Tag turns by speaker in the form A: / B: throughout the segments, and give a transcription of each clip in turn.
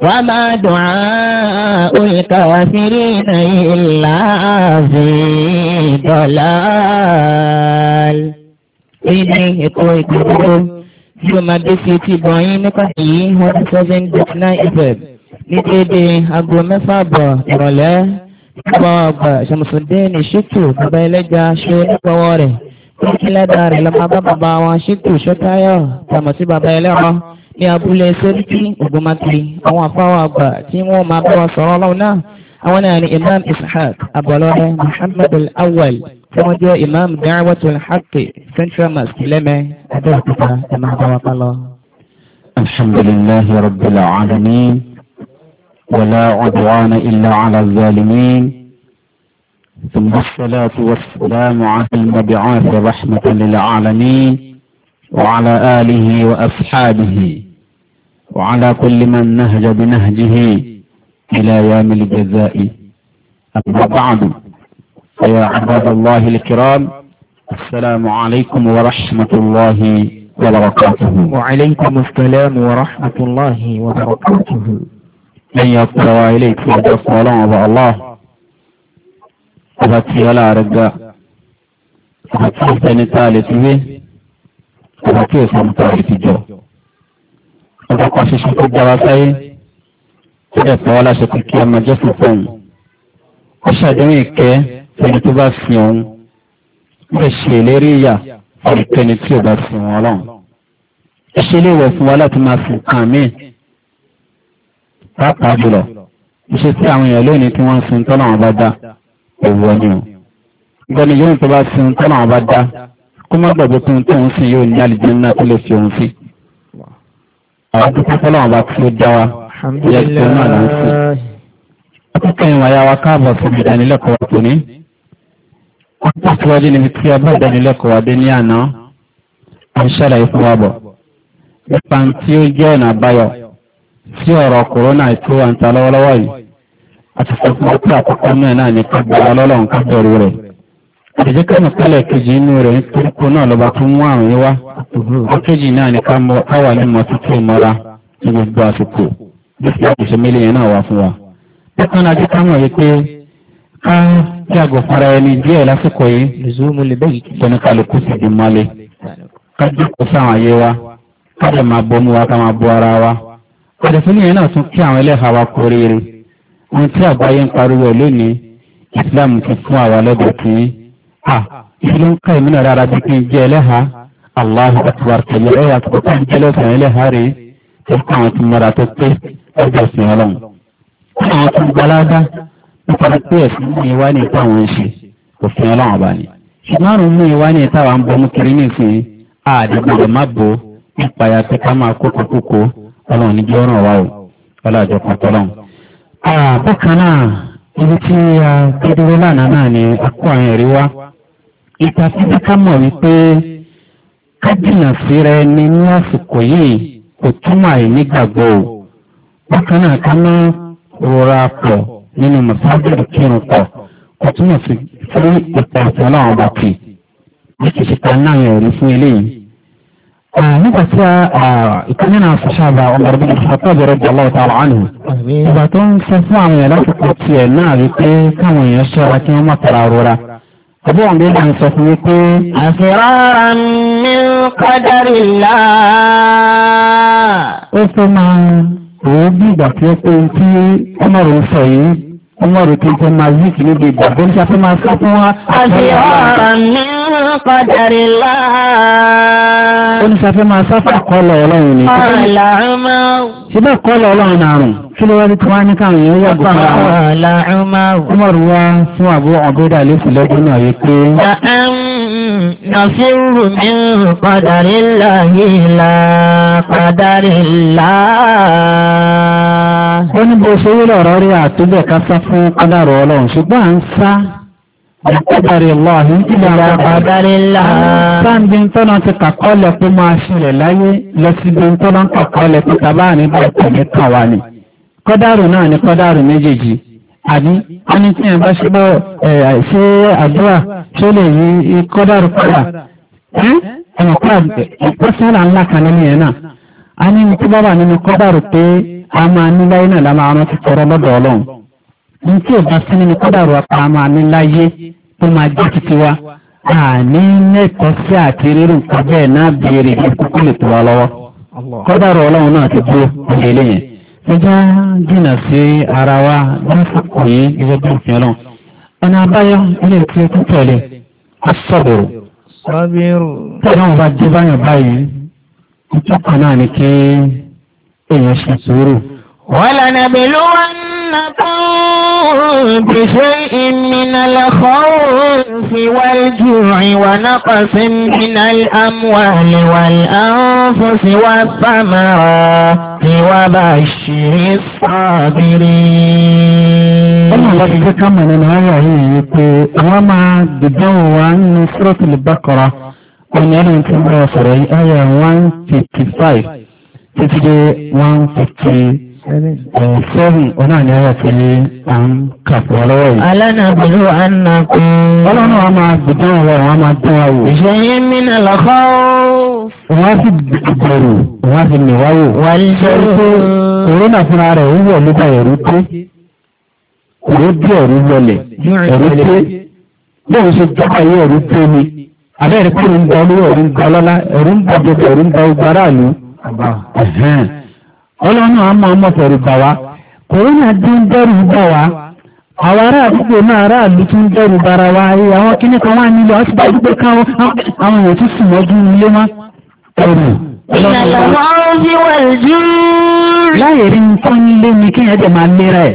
A: wà máa dùn á al-kafirina illa fi dalal. èyí ni ẹ̀kọ́ ìgbàgbọ́ tí ó máa dé sí ti bọ̀yìn nípa èyí one seven dot nine fm ní dédé aago mẹ́fà bọ̀ ìrọ̀lẹ́ nígbà ọgbà Ṣàmùsùndínì Ṣítù bàbá ẹlẹ́jà ṣe onígbọ̀wọ́ rẹ̀ kí lẹ́dàá rẹ̀ lọ́mọ bá bàbá wọn Ṣítù Ṣótáyọ̀ tàmọ̀ sí bàbá ẹlẹ́rọ. ní abúlé sẹ́ríkì ògbómákiri àwọn àfáwà àgbà tí wọ́n ma bá wa sọ̀rọ̀ ọlọ́run náà àwọn náà ni imam ishaq abọ́lọ́dẹ muhammad al-awwal tí wọ́n jẹ́ imam da'watul haqqi central mosque lẹ́mẹ́ adẹ́kùtà ẹ̀ máa bá wa pa lọ.
B: alhamdulillahi rabbil alamin wala udwana illa ala zalimin ثم الصلاة والسلام على المبعوث رحمة للعالمين وعلى آله وأصحابه وعلى كل من نهج بنهجه إلى يوم الجزاء أما بعد فيا عباد الله الكرام السلام عليكم ورحمة الله وبركاته وعليكم السلام ورحمة الله وبركاته من يطلع إليك فجأة صلاة الله أبتي ولا رجاء àti ìfẹnitá lè ti wé àti ọkọ̀ ṣiṣẹ́ tó gbára sáyé tó dẹ̀ pàwọ́ láṣẹ pé kí a máa jẹ́ fún fún un. ó ṣàdéhùn ìkẹ́ ẹni tó bá fi òun lè ṣe ìlérí ìyà ọ̀rẹ́kẹ́ni tí ò bá fi wọn ọlọ́run. ẹ ṣe léèwọ̀ fún wa láti máa fi kàn mí. pàápàá jùlọ ìṣe tí àwọn èèyàn lónìí tí wọ́n ń sun tọ́nà wọn bá dá òwò ni o. gbọ́dọ̀ yóò tó bá sun tọ́nà wọn bá dá kó má gbàgbé pé ohun tóun sìn yóò ní àlìjẹ́ ńlá tó lè fi òun sìn àwọn tó kọ́kọ́ lọ́wọ́ bá tí ó já wa yẹ kí ọmọ àná sí. akẹ́kọ̀ọ́ ìwà ya wa káàbọ̀ fún ìdánilẹ́kọ̀ọ́ tó ní. wọ́n tó síwájú níbi tí ọba ìdánilẹ́kọ̀ọ́ adé ní àná à ń ṣàlàyé fún wa bọ̀. nípa tí ó jẹ́ ọ̀nà àbáyọ sí ọ̀rọ̀ kòrónà tó wà lọ́wọ́lọ́wọ́ yìí àti fún ọkọ̀ àkọ́kọ́ náà ní kábọ̀ ọlọ́lọ́run ẹ̀jẹ̀ ká mọ̀tálẹ̀ kejì inú rẹ̀ ń kúrúkú náà lọ́ba tó mú àrùn yín wá náà ni ká wà ní mọ̀ tuntun mọ́ra ní gbogbo àsìkò bí kí àkùsọ mélòó yẹn náà wà fún wa. bákan náà ajẹ́ká mọ̀ wípé ká yàgò fara ẹni díẹ̀ lásìkò yìí tẹnu kálukú sì di mọ́lẹ̀ ká jókòó sáwọn ayé wa ká lè máa bọ́ mú wa ká máa bọ́ ara wa. àdẹ̀fún yẹn náà tún kí àwọn ẹlẹ́hàá wa kórìíre ohun tí àgbáyé ń pariwo lónìí à ìlú ń ká ìmúnà rárá bí kí n jẹ ẹlẹ́ha Allahu akbar tẹ̀lé ẹ̀yà tó kọ́ ń jẹ́lẹ̀ fún ẹlẹ́ha rè é kí àwọn ti mọ̀ra tó pé ọjọ́ sí ọlọ́run. àwọn tó ń gbalága nípa pé ẹ̀sìn mú ìwá ní ìta àwọn ṣe òfin ọlọ́run ọba ni. ṣùgbọ́n àrùn mú ìwá ní ìta wa ń bọ́ mú kiri nísìnyí àdìgbò rẹ̀ má bò nípa ya pé ká máa kókó kókó ọlọ́run níbi ọ̀ràn wa o ọlọ́jọ́ kan bákan náà ibi tí a gbẹdúró lánàá náà ni akọ àwọn ẹ̀rí wá ìtàkùn ká mọ̀ wípé kájìnà síra ẹni ní àsìkò yìí kò túmọ̀ àìnígbàgbọ́ o bákan náà ká má rọra pọ̀ nínú mọ̀sáájú kírun pọ̀ kò túmọ̀ sí fún ìpa àti ọlọ́run bá pè ní kìí ta náà yẹn rí fún eléyìí. nígbà tí ìkànnì náà fọṣọ àgbà ọmọ rẹ bíi ìfọ̀tọ́ bẹ̀rẹ̀ jù ọlọ́wọ́ tá nù. ìgbà tó ń sọ fún àwọn èèyàn lásìkò tiẹ̀ náà wípé káwọn èèyàn ṣọ́ra kí wọ́n má tara rora. Ọbọ̀ òun lè máa sọ fún mi pé. Àfẹ́rọ́ra ní kọ́dárì láà. Ó fẹ́ máa rò bí ìgbà tí ó pé tí ọmọrò ń sọ yìí, ọmọrò tí ó máa yí kì níbi ìgbà tó ń ṣe afẹ́ máa sá fún wa. Àfẹ́rọ́ra
A: ní kọ́dárì láà sáfẹ́ máa sáfà kọlọ̀ ọlọ́run ni. ṣíbẹ̀
B: kọlọ̀ ọlọ́run ní àrùn kí ló wáyé tí wọ́n ní káwọn yẹn yàgò fún ara. ọmọrù wa fún àbúrò ọ̀bẹ́dà lẹ́sìn lọ́dún náà yìí pé.
A: nàfírù mi pàdánù ìlà pàdánù ìlà.
B: ó ní bó ṣe wúlọ̀ ọ̀rọ̀ rí àtúbẹ̀ ká sá fún kádàrọ̀ ọlọ́run ṣùgbọ́n à ń sá Àkọ́bàrí Allahi ìlàrà àbárí ńlá. Sáàbí ń tọ́nà ti kàkọ́lẹ̀ pé máa ṣẹlẹ̀ láyé lọ sí bí ń tọ́nà kàkọ́lẹ̀ pé tàbá ní bá ìpàdé kàwà ni. Kọ́dàrù náà ni kọ́dàrù méjèèjì. Àbí, a ní tí ẹ̀bá ṣe bọ́ ṣe àdúrà tó lè yí kọ́dàrù padà. Ẹ̀mọ̀kọ́sílà ní tí ò bá sí nínú kọ́dàrú àpamọ́ àmì láyé tó máa jẹ́ títí wa àní lẹ́kọ̀ọ́ sí àti rírù nǹkan bẹ́ẹ̀ náà béèrè kúkú lè tó wa lọ́wọ́ kọ́dàrú ọlọ́run náà ti dúró ìdílé yẹn ẹjọ́ jìnà sí ara wa lásìkò yìí gẹ́gẹ́ bí òfin ọlọ́run ọ̀nà àbáyọ ilé tí ó tún tẹ̀lé asọ́bẹ̀rù tẹ̀lé wọn bá dé báyọ̀ báyìí ìtọ́kọ̀ náà بشيء
A: من الخوف والجوع ونقص من الأموال والأنفس والثمرات وبشر الصابرين ọmọ
B: ọba ìgbẹ́ kámọ̀ nínú ayà yìí yìí pé àwọn máa dìdánwò wa nínú Suratul Baqara ọ̀nà ẹ̀rìn tí wọ́n sọ̀rọ̀ ayà 155 títí dé 158 Ẹ̀sọ́rì uh, oh, um, ọ̀nà oh, ni ọ̀rọ̀ tí ní à ń kàpọ̀ lọ́wọ́ yìí. Alánàbìrú ànàkùn. Ọlọ́run a máa gbùdán ọ̀rọ̀ wọn a máa dán wa wò.
A: Ìṣẹ́yìn mìíràn
B: lọ́kọ́ Wọ́n sì bẹ̀rù, wọ́n sì mìíwáwò. Wà ní ṣẹ́rù. Kòrónà fúnra rẹ̀ ń wọ̀ nípa ẹ̀rú pé. Kòró bí ẹ̀rú wọlẹ̀, ẹ̀rú pé. Bọ́ọ̀ ṣe jọba yẹ ẹ̀rú pé ni. Àbẹ́ẹ̀rẹ́ pé ń gba olówó ẹ̀rú ń gba ọlọ́lá, ẹ̀rú ń gba ọlọ́run náà mọ̀ ọmọ fẹ̀rù bà wá kòrónà dín dẹ́rù bà wá àwọn ará àdúgbò náà ará àlú tún dẹ́rù bara wa ayé àwọn kíní kan wà nílò àti bá dúpẹ́ káwọn àwọn èèyàn tún sùn mọ́jú ilé má ẹ̀rù láyé rí nǹkan nílé ni kéèyàn jẹ máa lera ẹ.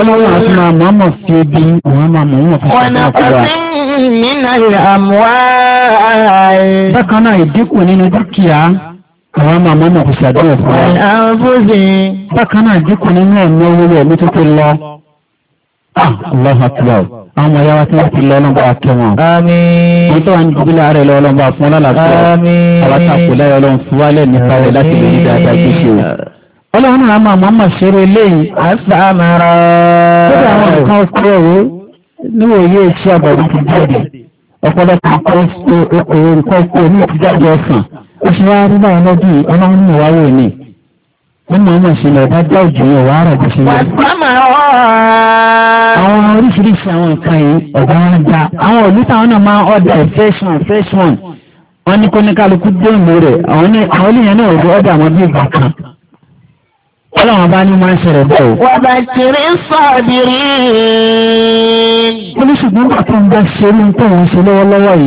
B: ọlọ́run àti máa mọ̀ ọmọ fi ebi àwọn máa mọ̀ ọmọ fún ọ̀nà kúrò. bákan náà ìdínkù nínú dúkìá àwọn máa mọ́ mọ̀ kò ṣàdúrà fún wa. àwọn fúnṣe. bákan náà dínkù nínú ẹ̀mí owó rẹ̀ ní títí lọ. Ah, Allahu akbar. àwọn ọmọ yàrá tí wọ́n ti lọ ọlọ́mọ bá kẹ́ wọn. àmín. wọ́n tó wà ní ìdílé ààrẹ lọ ọlọ́mọ bá fún ọlọ́làfẹ́. àmín. àwọn àtàkùn láyọ̀ ọlọ́run fún wálẹ̀ nípa rẹ̀ láti lè ní dáadáa gbèsè o ọlọ́run àmà mọ́mọ̀ ṣeré léyìn àṣàmàrà lórí àwọn nǹkan ọkọ̀ ọ̀rọ̀ níwòye iṣẹ́ àbọ̀dún ti jáde ọ̀pọ̀lọpọ̀ nǹkan ọkọ̀ ní ìtìjáde ọ̀sán ó fi wá rí báyìí lọ́dún yìí ọlọ́run ní ìwáyé ni wọ́n máa ń mọ̀ sí ilẹ̀ bá dá òjò yẹn wàá rọ̀ bó ṣe yẹ. àwọn oríṣiríṣi àwọn nǹkan yìí ọ̀gá wọn dá àwọn òlú táwọn náà máa ń ọ̀dà first one first one wọ́n ní ní kálukú dé ìlú rẹ̀ àwọn oníyẹn náà ọ̀dọ̀ ọ̀dà wọn bí ìgbà kan. ọlọ́run bá ní máa ń ṣẹlẹ̀ bẹ́ẹ̀. wà á kiri sọ́ọ̀dìrín. ó ní ṣùgbọ́n bàtà ń bá ṣe é ní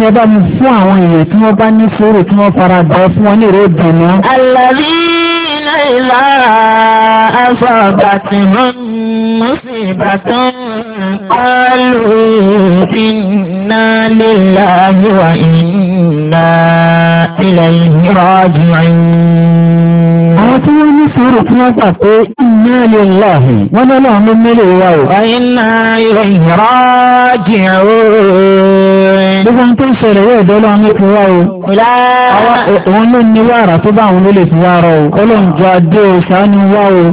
B: ni ẹ bá mi fún àwọn èèyàn tí wọ́n bá ní sùúrù tí wọ́n fara gbọ́ fún wọn ní èrè ìdùnnú. àlàbí ilé ìlà aṣọ àbàtì hàn mú sí
A: ìbátan kọlù iná lílà yíwa iná ilẹ̀ ìrọ̀jù ẹ̀yìn
B: àwọn tí wọ́n ní sùúrù tí wọ́n gbà pé iná lè láàhì wọ́n lọ́nà ọmọ mẹ́lẹ̀ wà ó.
A: àyínà ìrọ̀
B: jì ó. gbogbo ohun tó ń ṣẹlẹ̀ yóò dọ́lọ́ ọmọ ìpín wá o. òun ló ní wàrà tó bá àwọn olólè fi wá rọ o. ọlọ́run jọ adé o ṣàánú wá o.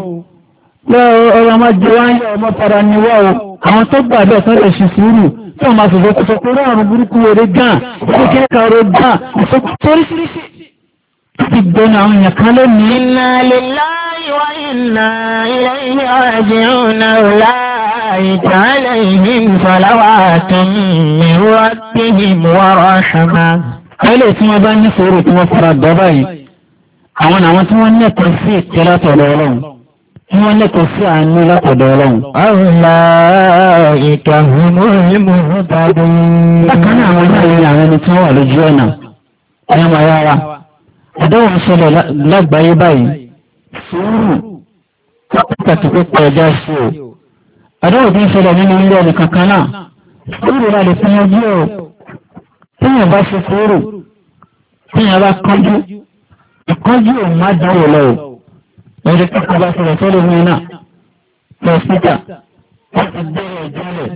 B: lọ́wọ́ ọ̀rọ̀ máa jẹ wá ọmọ tara ni wá o. àwọn tó gbà bẹ́ẹ̀ sọ́dọ̀ ṣe sùúrù tí wọ́n máa fòfò kòtò kó rọrùn burúkú orí gan-an kó kẹ́kọ̀ọ́ ti gbóná àwọn èèyàn kan
A: lónìí. Inna lillahi wa inna ilayhi raji'un ulaika
B: alayhim salawatun min rabbihim wa rahmah. Ẹlẹ́ tí wọ́n bá ní sòrò tí wọ́n fara dọ́bà yìí, àwọn àwọn tí wọ́n nẹ́kọ̀ọ́ sí ìkẹ́ látọ̀dọ̀ Ọlọ́run. Tí wọ́n nẹ́kọ̀ọ́ sí àánú látọ̀dọ̀ Ọlọ́run. Ulaika humul muhtadun. Bákan náà àdáwò ń ṣẹlẹ̀ lágbàáyé báyìí sùúrù pàtàkì pípa ẹja sí o àdáwò bí ń ṣẹlẹ̀ nínú ilé ẹni kankan náà sùúrù la lè fún ojú o téèyàn bá ṣe sùúrù téèyàn bá kánjú ìkánjú ò má dánwò lọ o ẹni kankan bá ṣẹlẹ̀ sọ́dọ̀ mi náà lọ síta láti gbẹ̀rẹ̀ ìjọlẹ̀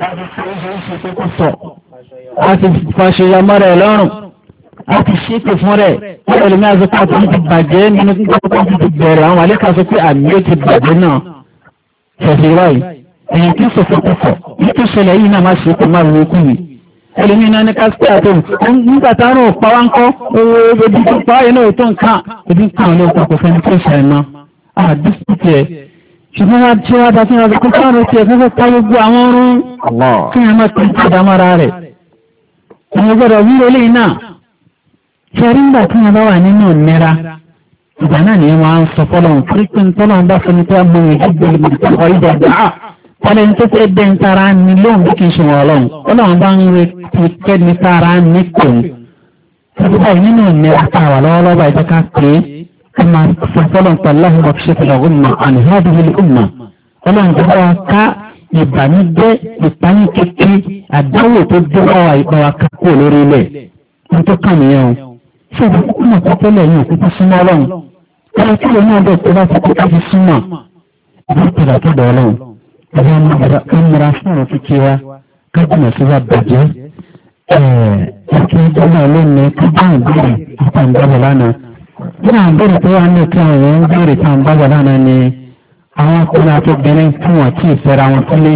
B: láti fi oṣooṣù tó kù sọ láti fàṣeyamọ́ra ẹ̀ lọ́rùn wọ́n ti ṣe pé fún rẹ̀ wọ́n ẹ̀rọ ní azọ́pá tó ń ti bàjẹ́ nínú gbọ́dọ̀ tó ti bẹ̀rẹ̀ àwọn àlékà sọ pé àmì ó ti bàjẹ́ náà tẹ̀síwá yìí èyàn tí sọ̀tọ̀ púpọ̀ yìí tó ṣẹlẹ̀ yìí náà má ṣe kó má ronú kùn yìí ẹlòmí náà ní kásítẹ́ àtẹ̀m nígbà tá a rò pa wá ń kọ́ owó tó pa ayé náà tó nǹkan ebi nǹkan ò lè pa kò fẹ́ni tó ṣẹlẹ̀ náà àdúgbò ṣẹ́rí ńgbà tí wọ́n bá wà nínú ìnira ìgbà náà ni wọ́n á ń sọ fọ́lọ́hún kírísítì tọ́lọ́hún bá sọ ní pé ọmọ ìjọ gbogbo ìtàkọ̀ ìjà dáa kọ́lé ní tó fẹ́ bẹ́ ń tara ní lóhùn bí kì í ṣe wọ́n ọlọ́run ọlọ́run bá ń retí pé ní tara ní kòun tàbíkọ̀ nínú ìnira tá a wà lọ́wọ́lọ́wọ́ ìjọ ká pé ẹ máa sọ fọ́lọ́hún pẹ̀láhùn ọ̀ṣẹ́ ìbànújẹ́ ìpáyín kékeré àdáwò tó dé wá ìpàwà kakó lórí ilẹ̀ ní tó kàn nìyẹn o ṣé ìgbà kúkú náà kọ́ tẹ́lẹ̀ yìí òkú súnmọ́ ọlọ́run ẹni tí ìlú náà bẹ̀ tó bá ti kú ká fi súnmọ́ ìlú ìpìlẹ̀ tó dọ̀ ọlọ́run ẹ̀rọ ìmúra fún ọ̀rọ̀ kíkí wa kájùmọ̀ sí wa bàjẹ́ ẹ̀ẹ́dẹ́gbẹ́ náà lónìí kájùmọ̀ ìbéèrè àtàǹdàbọ̀ lánàá nínú àbẹ̀rẹ̀ tó wà ní ìtàn àwọn ń béèrè àtàǹdàbọ̀ lánàá ni àwọn ọkùnrin àti obìnrin tí wọ́n ti ìfẹ́ra wọn sílé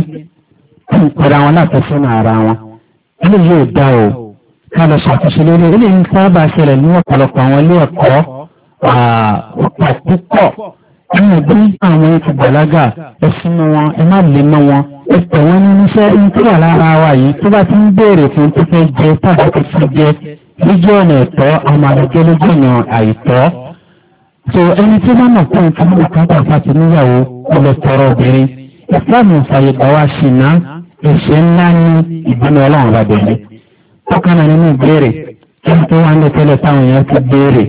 B: tí ìpẹ́ra wọn láti fún ara wọn. eléyìí ò dá o ká lọ ṣàkóso lórí ilé ń sábà ṣẹlẹ̀ ní ọ̀pọ̀lọpọ̀ àwọn ilé ẹ̀kọ́ ọ̀pọ̀ púpọ̀ ẹ̀yìn bí àwọn ètò bàlágà ẹ̀sìn wọn ẹ má lè mọ́ wọn ẹ̀tọ́ wọn ní níṣẹ́ ń tó wà lára wa yìí tó bá ti ń béèrè fún tó fẹ́ jẹ tàbí tó fẹ́ jẹ lójú ọ̀nà ẹ̀tọ́ àwọn àrùjẹ́ lójú ọ̀nà àìtọ́ so ẹni tí wọ́n mọ̀ pé nǹkan mọ̀ kápá àti níyàwó ọlọ́ tọrọ obìnrin ìfúlàmù ìfàyègbà wa ṣìnà ẹ̀ṣẹ̀ ńlá ní ìbínú ọlọ́run lábẹ́lẹ́ ọkàn náà nínú ìbéèrè kí n tó wá ní tẹ́lẹ̀ táwọn èèyàn ti béèrè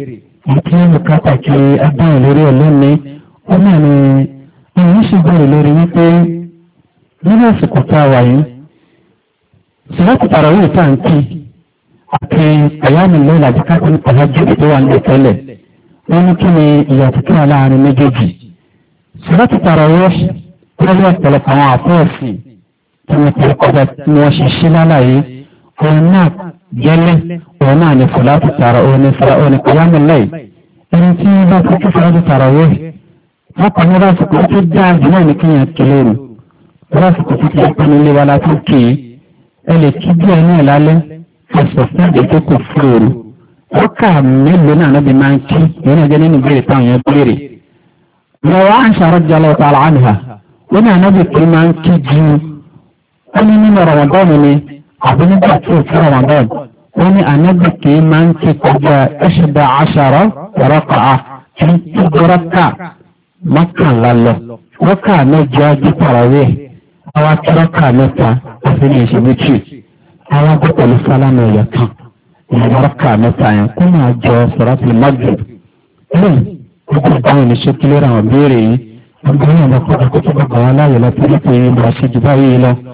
B: àti nínú pàtàkì adáhùn lórí ẹ̀ lónìí ó náà ní ìyẹn ṣe béèrè lórí wípé nínú àsìkò tá a wà yìí ṣùgbọ́n tààràwí ìta ń kí àti àyàmì lọ́la àti káàkiri àlájú tó wà ní tẹ́lẹ̀ wọ́n ní kí ni ìyàtọ̀ tó wà láàrin méjèèjì ṣùgbọ́n tààràwí ọ̀ṣì tó lọ́wọ́ pẹ̀lú àwọn àfọ́ọ̀sì tí wọ́n ti kọjá tí wọ́n ṣe ṣe lálàyé òun náà gẹ́lẹ́ òun náà ni fòlátù tààrà òun ni fara òun ni kìyàmù láì ẹni tí bá fi kí fòlátù tààrà wé lọ́pàá ní lásìkò tó dáa jù náà ní kíyàn kílé nù lásìkò tó ti pẹ́ nílé wa la tó kì í ẹ lè kí díẹ̀ náà lálẹ́ ẹ̀sọ̀ fún ìdẹ́kẹ́ kò fún òru ọkà mélòó náà lọ́bi máa ń kí ìyẹn náà jẹ́ nínú ìbéèrè táwọn yẹn béèrè lọ́wọ́ àǹṣà rọ́jà lọ́wọ́ tààrà àmì ha ó ní ànábì kí máa ń kí ju ó ní nínú ọ̀rọ̀ wọn bọ́ọ̀mù ni àbí nígbà tí ò sí Ramadan wọ́n ní ànábì kì í máa ń ti kọjá ẹ̀ṣẹ̀dá aṣara rọ́kàá tí ń tó rọ́kà mọ́kànlá lọ rọ́kà mẹ́jọ ajé pàrọ̀wé àwọn akẹ́rọ́kà mẹ́ta àti ní ìṣẹ́ méjì àwọn akọ́ pẹ̀lú sálámù ẹ̀yọ̀ kan ìyẹn rọ́kà mẹ́ta yẹn kó máa jọ sọ̀rọ̀ pẹ̀lú mọ́gbẹ̀ẹ́ gbogbo ìdáhùn ìníṣẹ́ kílẹ̀ àwọn béèrè yìí ọgbọ́n yẹn lọ́kọ́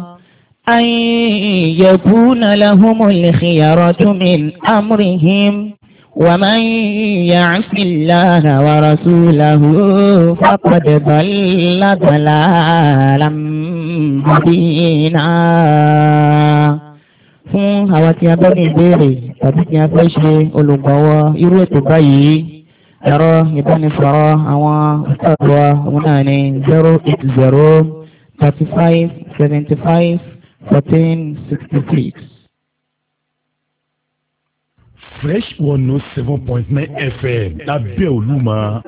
A: أن يكون لهم الخيرة من أمرهم ومن يعص الله ورسوله فقد ضل ضلالا مبينا fún àwọn tí a bá ní ìbéèrè tàbí tí a fẹ́ ṣe olùgbọ̀wọ́ irú ètò báyìí ẹ̀rọ ìbánisọ̀rọ̀ àwọn ọ̀sán àgbà náà ní zero eight zero 1466. fresh one note oh seven point nine fm lábẹ́ Olúmọ